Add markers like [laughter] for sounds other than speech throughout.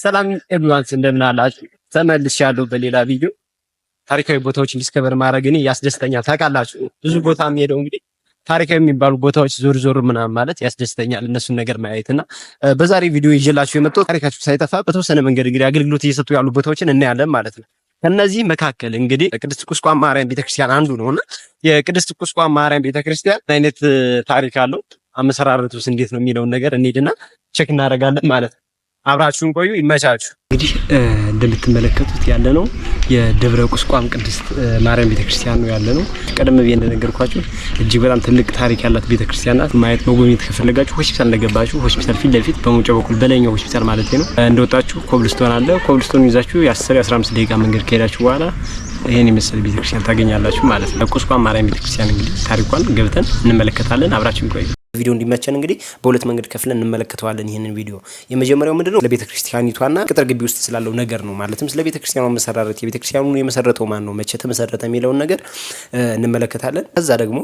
ሰላም ኤቭሪዋንስ እንደምን አላችሁ? ተመልሻለሁ በሌላ ቪዲዮ። ታሪካዊ ቦታዎችን ዲስከቨር ማድረግ እኔ ያስደስተኛል። ታውቃላችሁ ብዙ ቦታ የሚሄደው እንግዲህ ታሪካዊ የሚባሉ ቦታዎች ዞር ዞር ምናምን ማለት ያስደስተኛል፣ እነሱን ነገር ማየት እና በዛሬ ቪዲዮ ይዤላችሁ የመጣሁት ታሪካችሁ ሳይጠፋ በተወሰነ መንገድ እንግዲህ አገልግሎት እየሰጡ ያሉ ቦታዎችን እናያለን ማለት ነው። ከነዚህ መካከል እንግዲህ ቅድስት ቁስቋም ማርያም ቤተክርስቲያን አንዱ ነው እና የቅድስት ቁስቋም ማርያም ቤተክርስቲያን አይነት ታሪክ አለው አመሰራረቱስ እንዴት ነው የሚለውን ነገር እንሂድና ቼክ እናደርጋለን ማለት ነው። አብራችሁን ቆዩ። ይመቻችሁ። እንግዲህ እንደምትመለከቱት ያለ ነው የደብረ ቁስቋም ቅድስት ማርያም ቤተክርስቲያን ነው ያለ ነው። ቀደም ብዬ እንደነገርኳችሁ እጅግ በጣም ትልቅ ታሪክ ያላት ቤተክርስቲያን ናት። ማየት መጎብኘት ከፈለጋችሁ ሆስፒታል እንደገባችሁ ሆስፒታል ፊት ለፊት በመውጫ በኩል በላይኛው ሆስፒታል ማለት ነው እንደወጣችሁ ኮብልስቶን አለ። ኮብልስቶን ይዛችሁ የ10 15 ደቂቃ መንገድ ከሄዳችሁ በኋላ ይህን የመሰለ ቤተክርስቲያን ታገኛላችሁ ማለት ነው። ቁስቋም ማርያም ቤተክርስቲያን እንግዲህ ታሪኳን ገብተን እንመለከታለን። አብራችን ቆዩ። ቪዲዮ እንዲመቸን እንግዲህ በሁለት መንገድ ከፍለን እንመለከተዋለን። ይህንን ቪዲዮ የመጀመሪያው ነው? ስለ ቤተ ክርስቲያኒቷና ቅጥር ግቢ ውስጥ ስላለው ነገር ነው። ማለትም ስለ ቤተ ክርስቲያኗ መሰራረት፣ የቤተ ክርስቲያኑ የመሰረተው ማን ነው፣ መቼ ተመሰረተ የሚለውን ነገር እንመለከታለን። ከዛ ደግሞ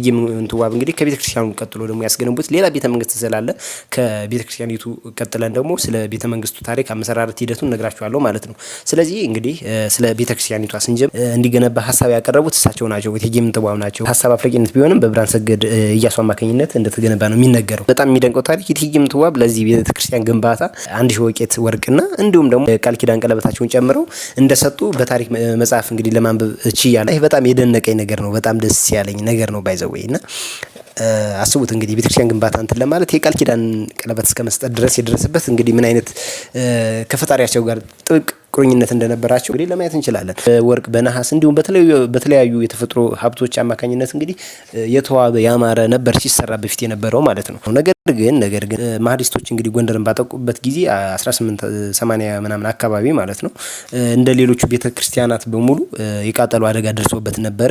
እይ ምንትዋብ እንግዲህ ከቤተ ክርስቲያኑ ቀጥሎ ደግሞ ያስገነቡት ሌላ ቤተ መንግስት ስላለ ከቤተ ክርስቲያኒቱ ቀጥለን ደግሞ ስለ ቤተ መንግስቱ ታሪክ አመሰራረት ሂደቱን ነግራችኋለሁ ማለት ነው። ስለዚህ እንግዲህ ስለ ቤተ ክርስቲያኒቷ ስንጀም እንዲገነባ ሀሳብ ያቀረቡት እሳቸው ናቸው፣ እቴጌ ምንትዋብ ናቸው። ሀሳብ አፍላቂነት ቢሆንም በብርሃነ ሰገድ እያሱ አማካኝነት እንደተገነባ ነው የሚነገረው። በጣም የሚደንቀው ታሪክ እትዬም ትዋብ ለዚህ ቤተክርስቲያን ግንባታ አንድ ሺህ ወቄት ወርቅና እንዲሁም ደግሞ ቃል ኪዳን ቀለበታቸውን ጨምረው እንደሰጡ በታሪክ መጽሐፍ እንግዲህ ለማንበብ ችያለሁ። ይህ በጣም የደነቀኝ ነገር ነው። በጣም ደስ ያለኝ ነገር ነው። ባይዘወይ እና አስቡት እንግዲህ ቤተክርስቲያን ግንባታ እንትን ለማለት የቃል ኪዳን ቀለበት እስከ መስጠት ድረስ የደረሰበት እንግዲህ ምን አይነት ከፈጣሪያቸው ጋር ጥብቅ ቁርኝነት እንደነበራቸው እንግዲህ ለማየት እንችላለን። ወርቅ በነሐስ እንዲሁም በተለያዩ የተፈጥሮ ሀብቶች አማካኝነት እንግዲህ የተዋበ ያማረ ነበር ሲሰራ በፊት የነበረው ማለት ነው ነገ ግን ነገር ግን ማህዲስቶች እንግዲህ ጎንደርን ባጠቁበት ጊዜ 1880 ምናምን አካባቢ ማለት ነው እንደ ሌሎቹ ቤተ ክርስቲያናት በሙሉ የቃጠሎ አደጋ ደርሶበት ነበረ።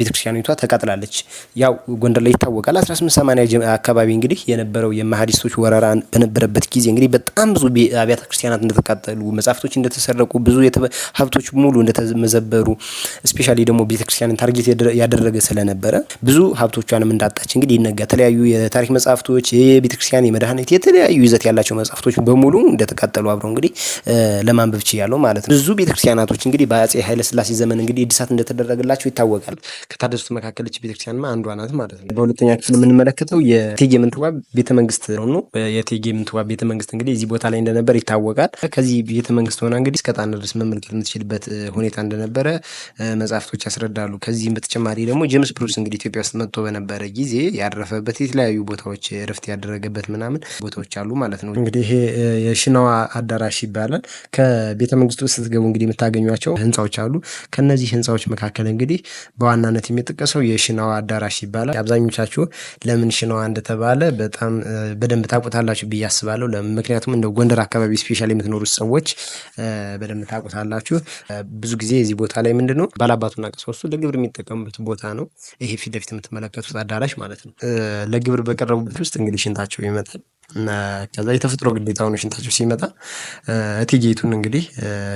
ቤተ ክርስቲያኒቷ ተቃጥላለች። ያው ጎንደር ላይ ይታወቃል። 1880 አካባቢ እንግዲህ የነበረው የማህዲስቶች ወረራ በነበረበት ጊዜ እንግዲህ በጣም ብዙ አብያተ ክርስቲያናት እንደተቃጠሉ፣ መጽሐፍቶች እንደተሰረቁ፣ ብዙ ሀብቶች ሙሉ እንደተመዘበሩ ስፔሻሊ ደግሞ ቤተክርስቲያን ታርጌት ያደረገ ስለነበረ ብዙ ሀብቶቿንም እንዳጣች እንግዲህ ይነጋ የተለያዩ የታሪክ መጽሐፍቶች የቤተክርስቲያን የመድኃኒት የተለያዩ ይዘት ያላቸው መጽሐፍቶች በሙሉ እንደተቃጠሉ አብረው እንግዲህ ለማንበብ ችያለሁ ማለት ነው። ብዙ ቤተክርስቲያናቶች እንግዲህ በአጼ ኃይለስላሴ ዘመን እንግዲህ እድሳት እንደተደረገላቸው ይታወቃል። ከታደሱት መካከል ይህች ቤተክርስቲያንማ አንዷ ናት ማለት ነው። በሁለተኛ ክፍል የምንመለከተው የእቴጌ ምንትዋብ ቤተመንግስት ነው። የእቴጌ ምንትዋብ ቤተመንግስት እንግዲህ እዚህ ቦታ ላይ እንደነበር ይታወቃል። ከዚህ ቤተመንግስት ሆና እንግዲህ እስከ ጣና ድረስ መመልከት የምትችልበት ሁኔታ እንደነበረ መጽሐፍቶች ያስረዳሉ። ከዚህም በተጨማሪ ደግሞ ጄምስ ብሩስ እንግዲህ ኢትዮጵያ ውስጥ መጥቶ በነበረ ጊዜ ያረፈበት የተለያዩ ቦታዎች ረፍት ኢንቨስት ያደረገበት ምናምን ቦታዎች አሉ ማለት ነው። እንግዲህ ይሄ የሽናዋ አዳራሽ ይባላል። ከቤተ መንግስቱ ውስጥ ስትገቡ እንግዲህ የምታገኟቸው ህንፃዎች አሉ። ከነዚህ ህንፃዎች መካከል እንግዲህ በዋናነት የሚጠቀሰው የሽናዋ አዳራሽ ይባላል። አብዛኞቻችሁ ለምን ሽናዋ እንደተባለ በጣም በደንብ ታውቁታላችሁ ብዬ አስባለሁ። ምክንያቱም እንደ ጎንደር አካባቢ ስፔሻል የምትኖሩት ሰዎች በደንብ ታውቁታላችሁ። ብዙ ጊዜ የዚህ ቦታ ላይ ምንድን ነው ባላባቱና ቀሳውስቱ ለግብር የሚጠቀሙበት ቦታ ነው። ይሄ ፊት ለፊት የምትመለከቱት አዳራሽ ማለት ነው። ለግብር በቀረቡበት ውስጥ እንግዲህ እንግዲህ ሽንታቸው ይመጣል። ከዛ የተፈጥሮ ግዴታ ሆኖ ሽንታቸው ሲመጣ እቴጌይቱን እንግዲህ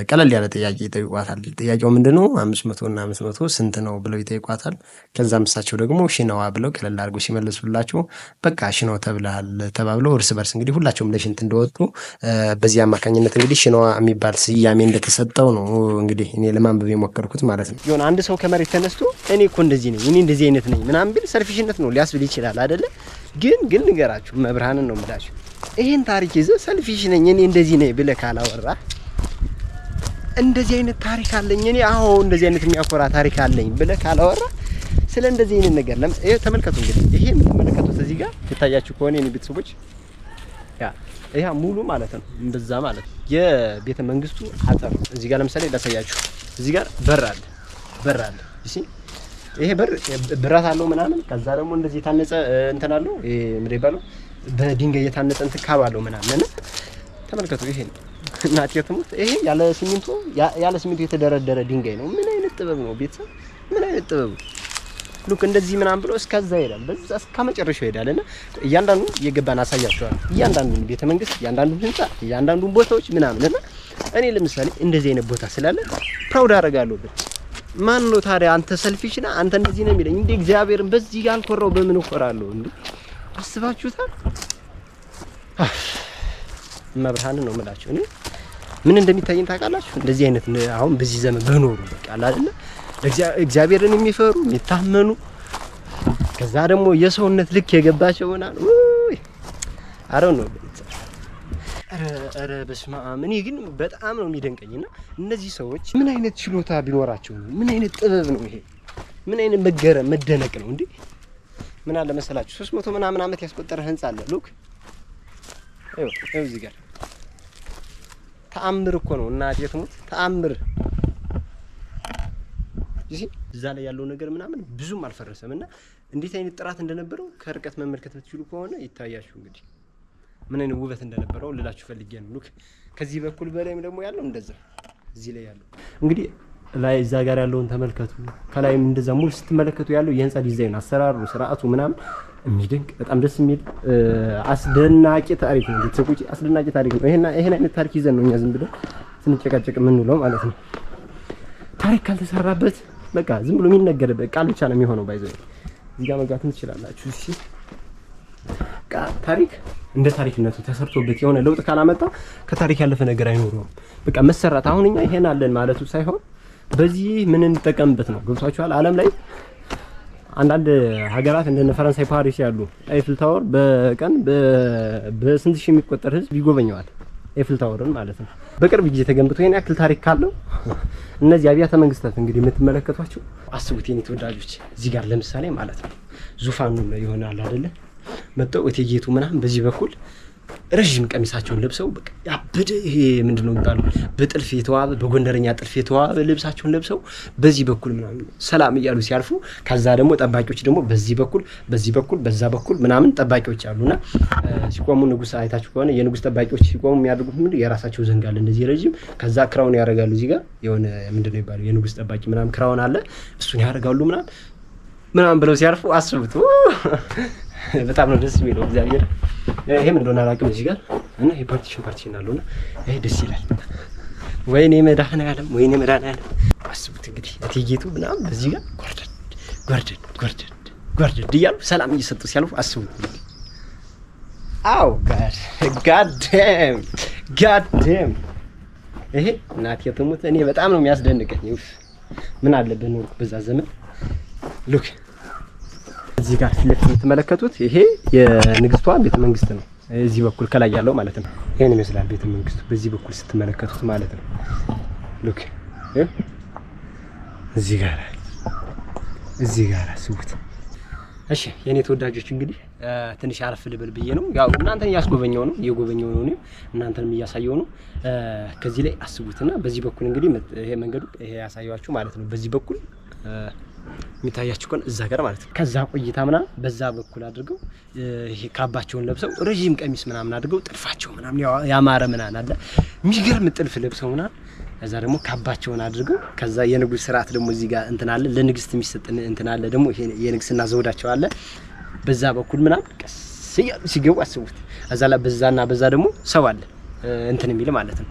ቀለል ያለ ጥያቄ ይጠይቋታል። ጥያቄው ምንድነው? አምስት መቶ እና አምስት መቶ ስንት ነው ብለው ይጠይቋታል። ከዛ እሳቸው ደግሞ ሽነዋ ብለው ቀለል አድርጎ ሲመለሱላቸው በቃ ሽነው ተብለሃል ተባብለው እርስ በርስ እንግዲህ ሁላቸውም ለሽንት እንደወጡ በዚህ አማካኝነት እንግዲህ ሽነዋ የሚባል ስያሜ እንደተሰጠው ነው እንግዲህ እኔ ለማንበብ የሞከርኩት ማለት ነው። የሆነ አንድ ሰው ከመሬት ተነስቶ እኔ እኮ እንደዚህ ነኝ፣ እኔ እንደዚህ አይነት ነኝ ምናምን ቢል ሰርፊሽነት ነው ሊያስብል ይችላል አይደለም ግን ግን ንገራችሁ መብርሃንን ነው የምላችሁ ይሄን ታሪክ ይዘህ ሰልፊሽ ነኝ እኔ እንደዚህ ነኝ ብለህ ካላወራ እንደዚህ አይነት ታሪክ አለኝ እኔ አዎ እንደዚህ አይነት የሚያኮራ ታሪክ አለኝ ብለህ ካላወራ ስለ እንደዚህ አይነት ነገር ለም ይሄ ተመልከቱ። እንግዲህ ይሄ የምትመለከቱት እዚህ ጋር ትታያችሁ ከሆነ የኔ ቤተሰቦች ይህ ሙሉ ማለት ነው እምብዛ ማለት ነው የቤተ መንግስቱ አጥር እዚህ ጋር ለምሳሌ ላሳያችሁ። እዚህ ጋር በር አለ በር አለ ይሄ በር ብረት አለው ምናምን። ከዛ ደግሞ እንደዚህ የታነጸ እንትን አለው ይሄ ምድ ይባለው በድንጋይ የታነጸ እንትን ካብ አለው ምናምን። ተመልከቱ። ይሄ እናቴ ትሙት፣ ይሄ ያለ ሲሚንቶ ያለ ሲሚንቶ የተደረደረ ድንጋይ ነው። ምን አይነት ጥበብ ነው ቤተሰብ! ምን አይነት ጥበብ ሉክ እንደዚህ ምናምን ብሎ እስከዛ ይሄዳል፣ በዛ እስከ መጨረሻው ይሄዳል። እና እያንዳንዱ እየገባን አሳያቸዋል። እያንዳንዱን ቤተ መንግስት፣ እያንዳንዱን ህንጻ፣ እያንዳንዱን ቦታዎች ምናምን እና እኔ ለምሳሌ እንደዚህ አይነት ቦታ ስላለ ፕራውድ አደርጋለሁ ብቻ ማን ነው ታዲያ? አንተ ሰልፊሽ ነህ፣ አንተ እንደዚህ ነው የሚለኝ እንዴ? እግዚአብሔርን በዚህ ያልኮራው በምን እኮራለሁ እንዴ? አስባችሁታል? መብርሃን ነው የምላችሁ እኔ ምን እንደሚታየኝ ታውቃላችሁ? እንደዚህ አይነት አሁን በዚህ ዘመን በኖሩ በቃ አለ አይደለ? እግዚአብሔርን የሚፈሩ የሚታመኑ፣ ከዛ ደግሞ የሰውነት ልክ የገባቸው ሆናል። አረ ነው ኧረ በስመ አብ። እኔ ግን በጣም ነው የሚደንቀኝ እና እነዚህ ሰዎች ምን አይነት ችሎታ ቢኖራቸው ነው? ምን አይነት ጥበብ ነው ይሄ? ምን አይነት መገረም መደነቅ ነው እንዴ? ምን አለ መሰላችሁ ሶስት መቶ ምናምን ዓመት ያስቆጠረ ህንጻ አለ። ሉክ እዚህ ጋር ተአምር እኮ ነው እና የትሞት ተአምር እዛ ላይ ያለው ነገር ምናምን ብዙም አልፈረሰም እና እንዴት አይነት ጥራት እንደነበረው ከርቀት መመልከት ብትችሉ ከሆነ ይታያችሁ እንግዲህ ምን አይነት ውበት እንደነበረው ልላችሁ ፈልጌ ነው። ሉክ ከዚህ በኩል በላይም ደግሞ ያለው እንደዛ እዚህ ላይ ያለው እንግዲህ ላይ እዛ ጋር ያለውን ተመልከቱ። ከላይም እንደዛ ሙሉ ስትመለከቱ ያለው የህንፃ ዲዛይን አሰራሩ፣ ስርዓቱ ምናምን የሚደንቅ በጣም ደስ የሚል አስደናቂ ታሪክ ነው። ቤተሰቦች አስደናቂ ታሪክ ነው። ይሄን አይነት ታሪክ ይዘን ነው እኛ ዝም ብለን ስንጨቃጨቅ የምንውለው ማለት ነው። ታሪክ ካልተሰራበት በቃ ዝም ብሎ የሚነገርበት ቃል ብቻ ነው የሚሆነው። ባይዘ እዚህ ጋር ትችላላችሁ። ታሪክ እንደ ታሪክነቱ ተሰርቶበት የሆነ ለውጥ ካላመጣ ከታሪክ ያለፈ ነገር አይኖረውም። በቃ መሰራት አሁን እኛ ይሄን አለን ማለቱ ሳይሆን በዚህ ምን እንጠቀምበት ነው። ገብቷችኋል? ዓለም ላይ አንዳንድ ሀገራት እንደነ ፈረንሳይ፣ ፓሪስ ያሉ ኤፍል ታወር በቀን በስንት ሺህ የሚቆጠር ህዝብ ይጎበኘዋል። ኤፍል ታወርን ማለት ነው። በቅርብ ጊዜ ተገንብቶ ይሄን ያክል ታሪክ ካለው [laughs] እነዚህ አብያተ መንግስታት እንግዲህ የምትመለከቷቸው አስቡት፣ የኔ ተወዳጆች እዚህ ጋር ለምሳሌ ማለት ነው ዙፋኑ ይሆናል አይደለ መጥተው እቴጌቱ ምናምን በዚህ በኩል ረዥም ቀሚሳቸውን ለብሰው ያበደ ይሄ ምንድን ነው የሚባለው በጥልፍ የተዋበ በጎንደረኛ ጥልፍ የተዋበ ልብሳቸውን ለብሰው በዚህ በኩል ምናምን ሰላም እያሉ ሲያልፉ ከዛ ደግሞ ጠባቂዎች ደግሞ በዚህ በኩል በዚህ በኩል በዛ በኩል ምናምን ጠባቂዎች አሉና ሲቆሙ ንጉስ አይታችሁ ከሆነ የንጉስ ጠባቂዎች ሲቆሙ የሚያደርጉት ምንድን የራሳቸው ዘንግ አለ እንደዚህ ረዥም ከዛ ክራውን ያደርጋሉ እዚህ ጋር የሆነ ምንድን ነው የሚባለው ጠባቂ ምናምን ክራውን አለ እሱን ያደርጋሉ ምናምን ምናምን ብለው ሲያልፉ አስብቱ? [laughs] በጣም ነው ደስ የሚለው። እግዚአብሔር ይሄ ምን እንደሆነ አላውቅም። እዚህ ጋር እና ይሄ ፓርቲሽን ፓርቲሽን አለው እና ይሄ ደስ ይላል። ወይኔ መድኃኒዓለም ወይኔ መድኃኒዓለም አስቡት እንግዲህ እቴጌቱ ምናምን በዚህ ጋር ጎርደድ ጎርደድ ጎርደድ ጎርደድ እያሉ ሰላም እየሰጡ ሲያልፉ አስቡት አው ጋድ ጋደም ጋደም ይሄ እናቴ ትሙት እኔ በጣም ነው የሚያስደንቀኝ። ምን አለብን ነው በዛ ዘመን ሉክ እዚህ ጋር ፊት ለፊት የምትመለከቱት ይሄ የንግስቷ ቤተ መንግስት ነው። እዚህ በኩል ከላይ ያለው ማለት ነው። ይሄን ይመስላል ቤተ መንግስቱ በዚህ በኩል ስትመለከቱት ማለት ነው። ሉክ እዚህ ጋር እዚህ ጋር አስቡት። እሺ የኔ ተወዳጆች እንግዲህ ትንሽ አረፍ ልበል ብዬ ነው። ያው እናንተን እያስጎበኘው ነው እየጎበኘው ነው እናንተንም እያሳየው ነው። ከዚህ ላይ አስቡትና በዚህ በኩል እንግዲህ ይሄ መንገዱ ይሄ ያሳያችሁ ማለት ነው። በዚህ በኩል የሚታያቸው ከሆነ እዛ ጋር ማለት ነው። ከዛ ቆይታ ምናምን በዛ በኩል አድርገው ካባቸውን ለብሰው ረዥም ቀሚስ ምናምን አድርገው ጥልፋቸው ምናምን ያማረ ምናምን አለ የሚገርም ጥልፍ ለብሰው ምናምን ከዛ ደግሞ ካባቸውን አድርገው ከዛ የንጉስ ስርዓት ደግሞ እዚህ ጋር እንትን አለ ለንግስት የሚሰጥ እንትን አለ ደግሞ የንግስና ዘውዳቸው አለ በዛ በኩል ምናምን ቀስ እያሉ ሲገቡ አስቡት። እዛ ላይ በዛና በዛ ደግሞ ሰው አለ እንትን የሚል ማለት ነው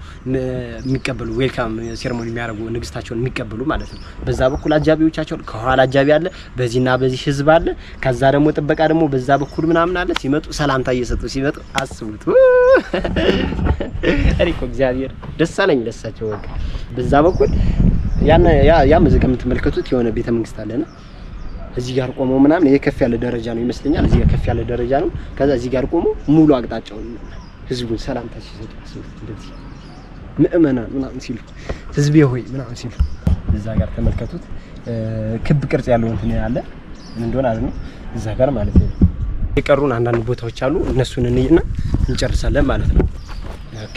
የሚቀበሉ ዌልካም ሴርሞኒ የሚያደርጉ ንግስታቸውን የሚቀበሉ ማለት ነው። በዛ በኩል አጃቢዎቻቸውን ከኋላ አጃቢ አለ፣ በዚህና በዚህ ህዝብ አለ። ከዛ ደግሞ ጥበቃ ደግሞ በዛ በኩል ምናምን አለ። ሲመጡ ሰላምታ እየሰጡ ሲመጡ አስቡት። እኔ እኮ እግዚአብሔር ደስ አለኝ ደሳቸው። በቃ በዛ በኩል ያ እዚህ ከምትመለከቱት የሆነ ቤተ መንግስት አለና እዚህ ጋር ቆሞ ምናምን ይሄ ከፍ ያለ ደረጃ ነው ይመስለኛል። እዚህ ከፍ ያለ ደረጃ ነው። ከዛ እዚህ ጋር ቆሞ ሙሉ አቅጣጫውን ህዝቡን ሰላምታ ሲሰጡ እንደዚህ ምእመናን ምናምን ሲሉ ህዝቤ ሆይ ምናምን ሲሉ እዛ ጋር ተመልከቱት። ክብ ቅርጽ ያለው እንትን ያለ ምን እንደሆነ አይደል? እዛ ጋር ማለት ነው። የቀሩን አንዳንድ ቦታዎች አሉ፣ እነሱን እንይና እንጨርሳለን ማለት ነው። ኦኬ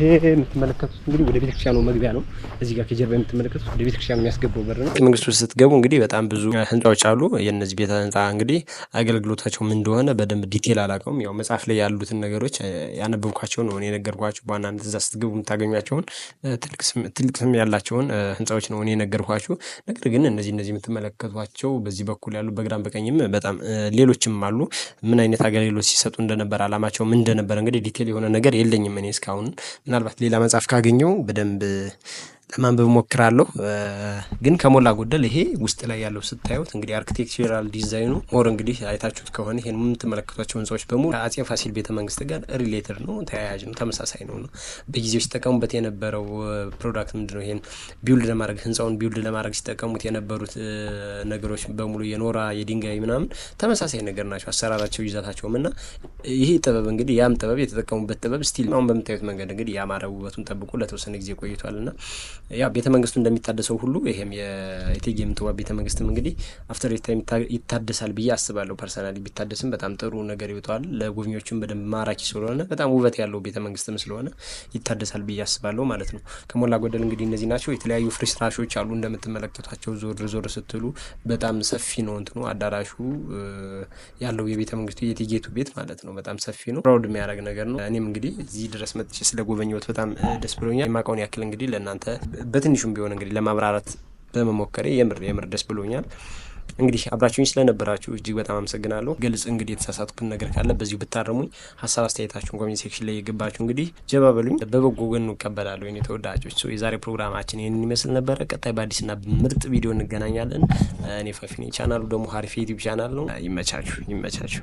ይሄ የምትመለከቱት እንግዲህ ወደ ቤተክርስቲያኑ መግቢያ ነው። እዚህ ጋር ከጀርባ የምትመለከቱት ወደ ቤተክርስቲያኑ የሚያስገባው በር ነው። መንግስቱ ስትገቡ እንግዲህ በጣም ብዙ ህንፃዎች አሉ። የእነዚህ ቤተ ህንፃ እንግዲህ አገልግሎታቸው ምን እንደሆነ በደንብ ዲቴል አላውቀውም። ያው መጽሐፍ ላይ ያሉትን ነገሮች ያነበብኳቸው ነው እኔ የነገርኳቸው። በዋናነት እዛ ስትገቡ የምታገኟቸውን ትልቅ ስም ያላቸውን ህንፃዎች ነው እኔ የነገርኳችሁ። ነገር ግን እነዚህ እነዚህ የምትመለከቷቸው በዚህ በኩል ያሉ በግራም በቀኝም በጣም ሌሎችም አሉ። ምን አይነት አገልግሎት ሲሰጡ እንደነበር አላማቸውም እንደነበር እንግዲህ ዲቴል የሆነ ነገር የለኝም እኔ እስካሁን ምናልባት ሌላ መጽሐፍ ካገኘው በደንብ ለማንበብ ሞክራለሁ። ግን ከሞላ ጎደል ይሄ ውስጥ ላይ ያለው ስታዩት እንግዲህ አርክቴክቸራል ዲዛይኑ ሞር እንግዲህ አይታችሁት ከሆነ ይህን የምትመለከቷቸው ህንፃዎች በሙሉ አፄ ፋሲል ቤተ መንግስት ጋር ሪሌትድ ነው፣ ተያያዥ ነው፣ ተመሳሳይ ነው በጊዜው ሲጠቀሙበት የነበረው ፕሮዳክት ምንድነው? ይሄን ቢውልድ ለማድረግ ህንፃውን ቢውልድ ለማድረግ ሲጠቀሙት የነበሩት ነገሮች በሙሉ የኖራ የድንጋይ ምናምን ተመሳሳይ ነገር ናቸው፣ አሰራራቸው፣ ይዛታቸውም እና ይሄ ጥበብ እንግዲህ ያም ጥበብ የተጠቀሙበት ጥበብ ስቲል አሁን በምታዩት መንገድ እንግዲህ ያማረ ውበቱን ጠብቆ ለተወሰነ ጊዜ ቆይቷል እና ያ ቤተ መንግስቱ እንደሚታደሰው ሁሉ ይሄም የእቴጌ ምንትዋብ ቤተ መንግስትም እንግዲህ አፍተር ታይም ይታደሳል ብዬ አስባለሁ። ፐርሰናሊ ቢታደስም በጣም ጥሩ ነገር ይወጣዋል። ለጎብኚዎቹም በደንብ ማራኪ ስለሆነ በጣም ውበት ያለው ቤተ መንግስትም ስለሆነ ይታደሳል ብዬ አስባለሁ ማለት ነው። ከሞላ ጎደል እንግዲህ እነዚህ ናቸው። የተለያዩ ፍርስራሾች አሉ እንደምትመለከቷቸው። ዞር ዞር ስትሉ በጣም ሰፊ ነው እንትኑ አዳራሹ ያለው የቤተ መንግስቱ የእቴጌቱ ቤት ማለት ነው። በጣም ሰፊ ነው። ፕራውድ የሚያደርግ ነገር ነው። እኔም እንግዲህ እዚህ ድረስ መጥቼ ስለጎበኘሁት በጣም ደስ ብሎኛል። የማውቀውን ያክል እንግዲህ ለእናንተ በትንሹም ቢሆን እንግዲህ ለማብራራት በመሞከሬ የምር የምር ደስ ብሎኛል። እንግዲህ አብራችሁኝ ስለነበራችሁ እጅግ በጣም አመሰግናለሁ። ግልጽ እንግዲህ የተሳሳትኩትን ነገር ካለ በዚሁ ብታረሙኝ፣ ሀሳብ አስተያየታችሁን ኮሜንት ሴክሽን ላይ የገባችሁ እንግዲህ ጀባ በሉኝ፣ በበጎ ጎኑ እቀበላለሁ። የኔ ተወዳጆች የዛሬ ፕሮግራማችን ይህንን ይመስል ነበረ። ቀጣይ በአዲስና ምርጥ ቪዲዮ እንገናኛለን። እኔ ፈፊኔ ቻናሉ ደግሞ ሀሪፍ ዩቲዩብ ቻናል ነው። ይመቻችሁ፣ ይመቻችሁ።